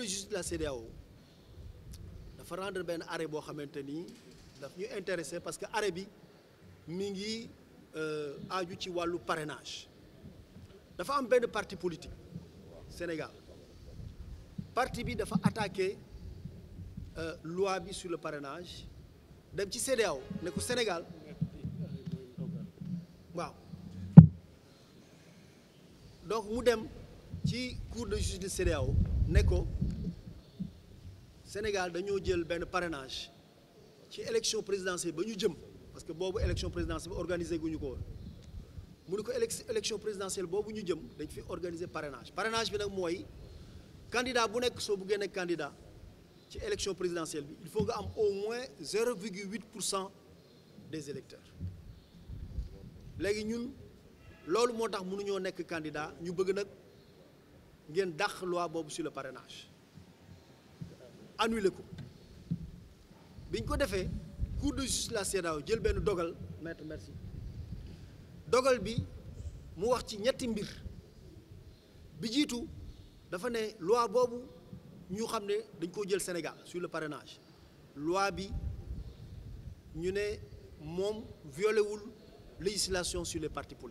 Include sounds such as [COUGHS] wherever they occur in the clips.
de justice de la CEDEAO dafa rendre benn arrêt boo xamante ni daf ñu intéressé parce que arrêt bi mi ngi euh, aju ci wàllu parrainage dafa am benn parti politique Sénégal parti bi dafa attaqué euh, loi bi sur le parrainage dem ci CEDEAO ne ko Sénégal waaw donc mu dem ci cour de justice de CEDEAO ne Sénégal dañoo jël benn parrainage ci élection présidentielle ba ñu jëm parce que boobu élection présidentielle organisé guñu ko woon mu ne ko élection présidentielle boobu ñu jëm dañ fi organiser parrainage parrainage bi nag mooy candidat bu nekk soo bu nekk candidat ci élection présidentielle bi il faut nga am au moins 0,8 pour cent des électeurs léegi ñun loolu moo tax mënuñoo nekk candidat ñu bëgg nag ngeen dàq loi boobu sur le parrainage annulé ko biñ ko defee cour de justice jël benn dogal maître merci dogal bi mu wax ci ñetti mbir bi jiitu dafa ne loi boobu ñu xam ne dañ koo jël Sénégal sur le parrainage loi bi ñu ne moom violé wul législation sur les partis bi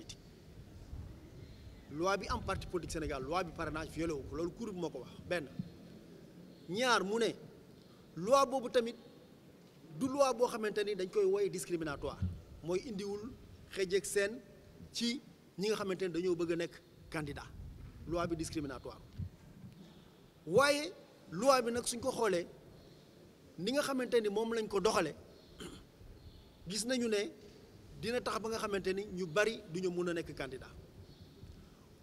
am parti politique Sénégal loi bi parrainage violé wu ko loolu cour bi moo ko wax benn ñaar mu ne loi boobu tamit du loi boo xamante ni dañ koy woy discriminatoire mooy indiwul xëjëg seen ci ñi nga xamante ni dañoo bëgg a nekk candidat loi bi discriminatoire waaye loi bi nag suñ ko xoolee ni nga xamante ni moom lañ ko doxale gis nañu ne dina tax ba nga xamante ni ñu bari duñu mun a nekk candidat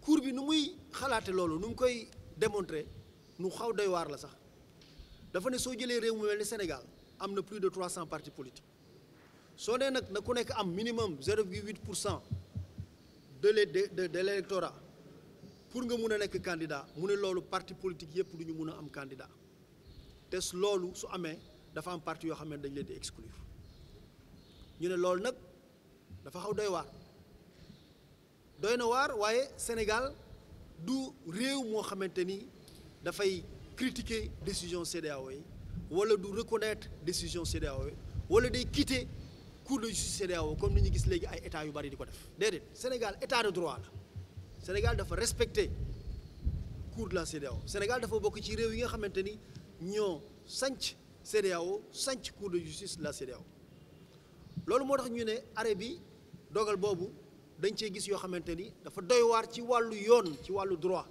cour bi nu muy xalaate loolu nu mu koy démontrer nu xaw doy waar la sax dafa ne soo jëlee réew mu mel ni Sénégal am na plus de trois cent partis politiques soo nee nag na ku nekk am minimum zéro virgule huit pour cent de l' de de l' électorat pour nga mun a nekk candidat mu ne loolu parti politique yëpp du ñu mun a am candidat te loolu su amee dafa am partie yoo xam dañ leen di exclure ñu ne loolu nag dafa xaw doy waar doy na waar waaye Sénégal du réew moo xamante ni dafay. critiquer décision CEDEAO yi wala du reconnaître décision CEDEAO yi wala day quitter cour de justice CEDEAO comme ni ñu gis léegi ay état yu bari di ko def déedéet Sénégal état de droit la Sénégal dafa respecter cour de la CEDEAO Sénégal dafa bokk ci réew yi nga xamante ni ñoo sanc CEDEAO sanc cour de justice la CEDEAO loolu moo tax ñu ne arrêt bi dogal boobu dañ cee gis yoo xamante ni dafa doy waar ci wàllu yoon ci wàllu droit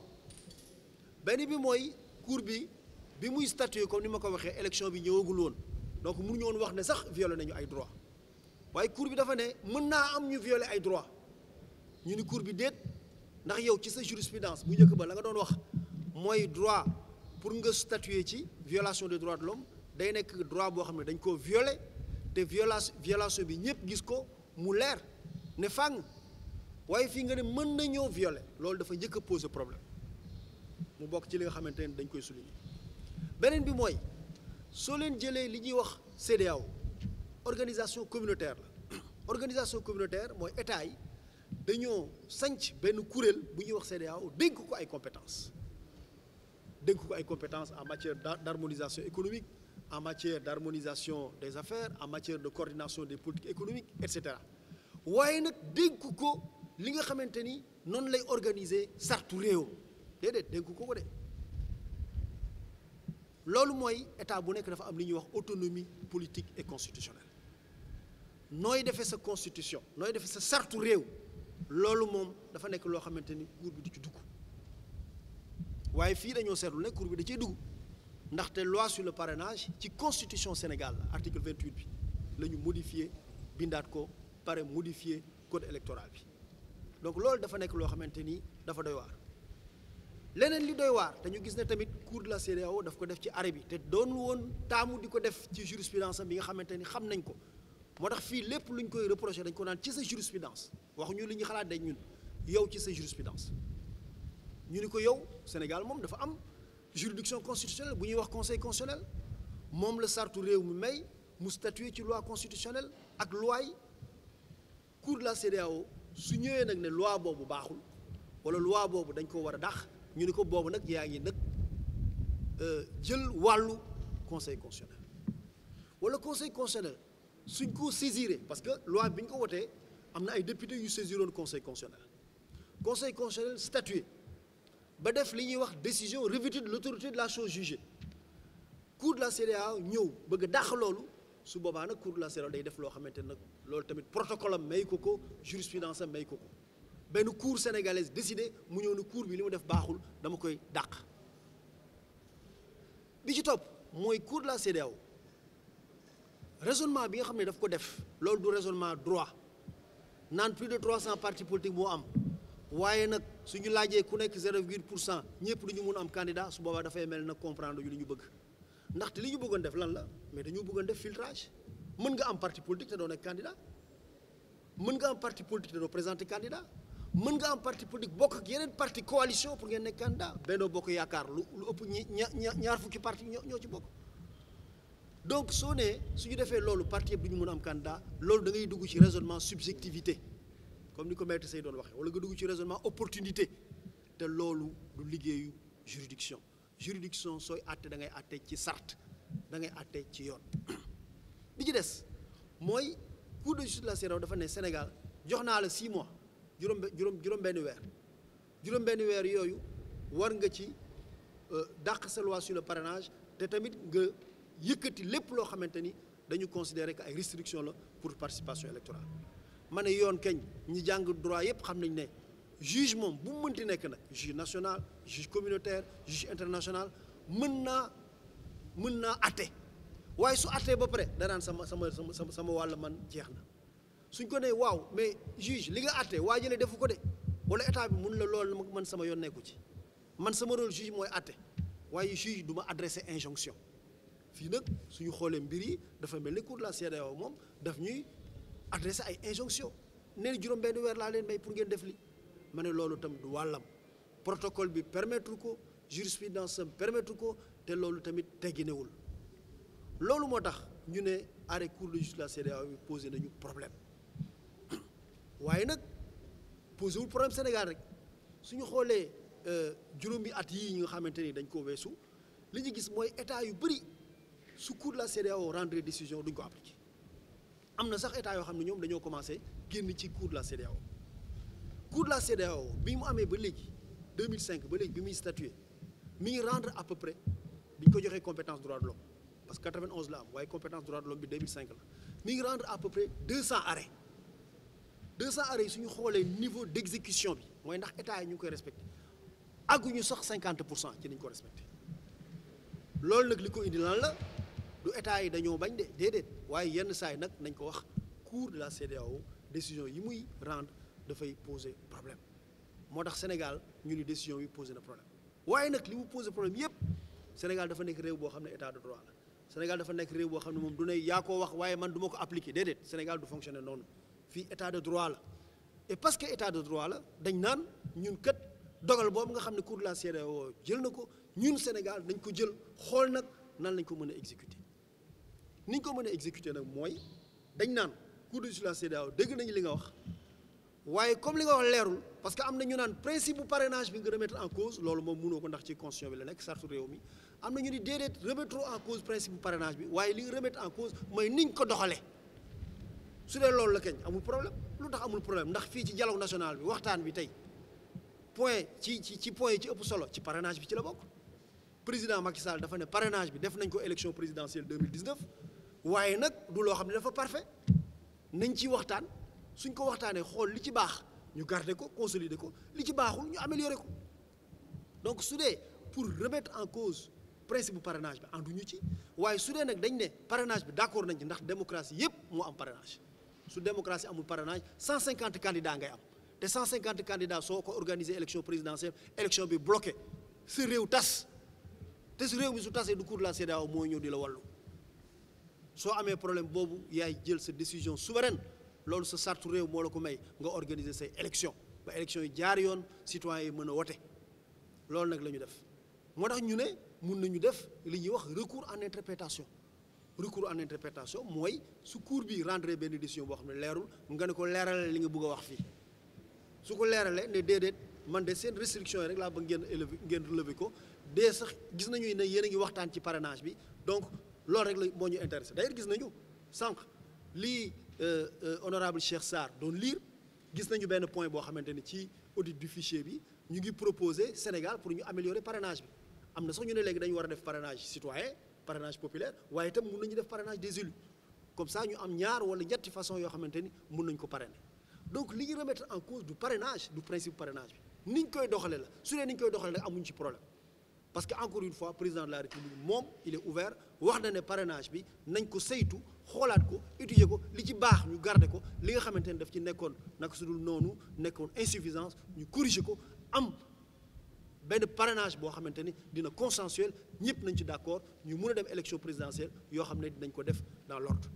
cour bi bi muy statuer comme ni ma ko waxee élection bi ñëwagul woon donc mënuñu woon wax ne sax violé nañu ay droit waaye cour bi dafa ne mën naa am ñu violé ay droit ñu ni cour bi déet ndax yow ci sa jurisprudence bu njëkk ba la nga doon wax mooy droit pour nga statuer ci violation de droits lome day nekk droit boo xam ne dañ koo violé te violation violation bi ñëpp gis ko mu leer ne fàng waaye fii nga ne mën nañoo violé loolu dafa njëkk a problème mu bokk ci li nga xamante ne dañ koy souligner beneen bi mooy soo leen jëlee li ñuy wax CEDEAO organisation communautaire la [CLEARS THROAT] organisation communautaire mooy état yi dañoo sanc benn kuréel bu ñuy wax CEDEAO dénk ko ay compétences dénk ko ay compétences en matière d'harmonisation économique en matière d'harmonisation des affaires en matière de coordination des politiques économiques et cetera waaye nag dénk ko li nga xamante ni noonu lay organiser sartu réew déedéet dénk ko ko de loolu mooy état bu nekk dafa am li ñuy wax autonomie politique et constitutionnelle nooy defee sa constitution nooy defe sa sartu réew loolu moom dafa nekk loo xamante ni guur bi di ci dugg waaye fii dañoo seetlu ne cour bi da cee dugg ndaxte loi sur le parrainage ci constitution Sénégal la article bi la ñu modifié bindaat ko pare modifié code électoral bi donc loolu dafa nekk loo xamante ni dafa doy waar leneen li doy waar dañu gis ne tamit cour de la CEDEAO daf ko def ci arrêt bi te doon woon taamu di ko def ci jurisprudence bi nga xamante ni xam nañ ko moo tax fii lépp luñ koy reproché dañ ko naan ci sa jurisprudence waxuñu li ñu xalaat day ñun yow ci sa jurisprudence ñu ni ko yow Sénégal moom dafa am juridiction constitutionnelle bu ñuy wax conseil constitutionnel moom la sartu réew mi may mu statuer ci loi constitutionnelle ak loi yi cour la CEDEAO su ñëwee nag ne loi boobu baaxul wala loi boobu dañ ko war a dàq ñu ni ko boobu nag yaa ngi nag euh, jël wàllu conseil constitutionnel wala conseil constitutionnel suñ ko saisiré parce que loi bi ñu ko wotee am na ay député yu saisiroon conseil constitutionnel conseil constitutionnel ba def li ñuy wax décision revêtue de l'autorité de la chose jugée cour de la CEDEAO ñëw bëgg a dàq loolu su boobaa nag cour de la CEDEAO day def loo xamante nag loolu tamit protocole am may ko ko jurisprudence am may ko ko benn cour sénégalaise décidé mu ñëw ne cour bi li mu def baaxul dama koy dàq bi ci topp mooy cour de la CEDEAO raisonnement bi nga xam ne daf ko def loolu du raisonnement droit naan plus de 300 partis politiques moo am waaye nag suñu laajee ku nekk 0,8 pour cent ñëpp duñu mun am candidat su boobaa dafay mel nag comprendre ñu lu ñu bëgg ndaxte li ñu bëggoon def lan la mais dañoo bëggoon def filtrage mën nga am parti politique te doo nekk candidat mën nga parti politique te doo présenter candidat mën nga am parti politique bokk ak yeneen parti coalition pour ngeen nekk candidat Benno Bokk Yaakaar lu lu ëpp ñi ñaar fukki parti ñoo ci bokk donc soo nee su ñu defee loolu partie yëpp du ñu mën a am candidat loolu dangay dugg ci raisonnement subjectivité comme ni ko maître say doon waxee wala nga dugg ci raisonnement opportunité te loolu lu liggéeyu juridiction juridiction sooy àtte da ngay àtte ci sart da ngay àtte ci yoon li [COUGHS] ci des mooy cour de justice de la dafa ne Sénégal jox naa la 6 mois. juróom juróom juróom benn weer juróom benn weer yooyu war nga ci euh, dàq sa loi sur le parrainage te tamit nga yëkkati lépp loo xamante ni dañu considérer que ay restriction la pour participation électorale ma ne yoon kañ ñi jàng droit yëpp xam nañ ne juge moom bu mu mënti nekk nag juge national juge communautaire juge international mën naa mën naa atte waaye su attee ba pare danaan sama sama sama sama wàll man jeex na suñ ko nee waaw mais juge li nga àtte waa jële defu ko de wala état bi mun la loolu man sama yoon nekku ci man sama rôle juge mooy àtte waaye juge du ma adressé injonction fii nag suñu xoolee mbir yi dafa mel ni cour de la CEDEAO moom daf ñuy adressé ay injonction nee na juróom benn weer laa leen may pour ngeen def li ma ne loolu tamit du wàllam protocole bi permettre ko jurisprudence am permettre ko te loolu tamit tegginewul loolu moo tax ñu ne arrêt cour la CEDEAO bi posé nañu problème waaye nag posé wul problème Sénégal rek su ñu xoolee euh, juróomi at yii ñu nga xamante ni dañ ko weesu li ñu gis mooy état yu bëri su cour de la CEDEAO rendre décision duñ ko appliqué am na sax état yoo xam ne ñoom dañoo commencé génn ci cour la CEDEAO cour de la CEDEAO bi mu amee ba léegi 2005 ba léegi bi muy statué mi ngi rendre à peu près bi ñu ko joxee compétence droit de l'homme parce que 91 la am waaye compétence droit de bi la mi rendre à peu près 200 arrêts 200 arrêts yi suñu xoolee niveau d' exécution bi mooy ndax état yi ñu koy respecté àgguñu sax 50 pour cent ci nañ ko respecté loolu nag li ko indi lan la du état yi dañoo bañ de déedéet waaye yenn saa yi nag nañ ko wax cour de la CEDEAO décision yi muy rendre dafay poser problème moo tax Sénégal ñu ni décision yi posé na problème waaye nag li mu posé problème yëpp Sénégal dafa nekk réew boo xam ne état de droit la Sénégal dafa nekk réew boo xam ne moom du ne yaa koo wax waaye man du ma ko appliqué Sénégal du fonctionner noonu. fii état de droit la et parce que état de droit la dañ naan ñun kët dogal boobu nga xam ne cour de la CEDEAO jël na ko ñun Sénégal dañ ko jël xool nag nan lañ ko mën a exécuter ni ko mën a exécuter nag mooy dañ naan cour de la dégg nañu li nga wax waaye comme li nga wax leerul parce que am na ñu naan principe bu parrainage bi nga remettre en cause loolu moom mënoo ko ndax ci constitution bi la nekk sartu réew mi am na ñu ni déedéet remettre en cause bu parrainage bi waaye li nga remettre en cause mooy niñ ko doxalee. su dee lool la kañ amul problème lu tax amul problème ndax fii ci jalaw national bi waxtaan bi tey point ci ci ci point ci ëpp solo ci parrainage bi ci la bokk président Macky Sall dafa ne parrainage bi def nañ ko élection présidentielle 2019 waaye nag du loo xam ne dafa parfait nañ ci waxtaan suñ ko waxtaanee xool li ci baax ñu garder ko consolider ko li ci baaxul ñu améliorer ko donc su dee pour remettre en cause principe bu parrainage bi ànduñu ci waaye su dee nag dañ ne parrainage bi d'accord nañ ci ndax démocratie yépp moo am parrainage su démocratie amul parrainage 150 candidats ngay am te cent cinquante candidats soo ko organiser élection présidentielle élection bi bloqué si réew tas te si réew mi su tasee du cour de la CEDEAO mooy ñëw di la wàllu soo amee problème boobu yaay jël sa décision souveraine loolu sa sartu réew moo la ko may nga organiser say élection ba élection yi jaar yoon citoyens yi mën a wote loolu nag la ñu def moo tax ñu ne mun nañu def li ñuy wax recours en interprétation recours en interprétation mooy su cour bi rendre benn décision boo xam ne leerul nga ne ko leeralal li nga bëgg a wax fii su ko leeralee ne déedéet man de seen restriction yi rek laa bëgg ngeen élever ngeen relever ko dee sax gis nañu ne yéen ngi waxtaan ci parrainage bi donc lool rek la moo ñu intéressé d'ailleurs gis nañu sànq lii euh, euh, honorable Cheikh Sarr doon lire gis nañu benn point boo xamante ne ci audit du bi ñu ngi proposer Sénégal pour ñu améliorer parrainage bi am na sax ñu léegi dañu war def parrainage citoyen parrainage populaire waaye itam mun nañu def parrainage des élus comme ça ñu am ñaar wala ñetti façon yoo xamante ni mun nañ ko parrainer donc li ñu remettre en cause du parrainage du principe parrainage bi ni ñu koy doxalee la su dee ni koy doxalee rek amuñ ci problème parce que encore une fois président de la république moom il est ouvert wax na ne parenage bi nañ ko saytu xoolaat ko étudier ko li ci baax ñu garder ko li nga xamante ni daf ci nekkoon nag su noonu nekkoon insuffisance ñu corriger ko am. benn parrainage boo xamante ni dina consensuel ñëpp nañ ci d'accord ñu mun a dem élection présidentielle yoo xam ne dinañ ko def dans l'ordre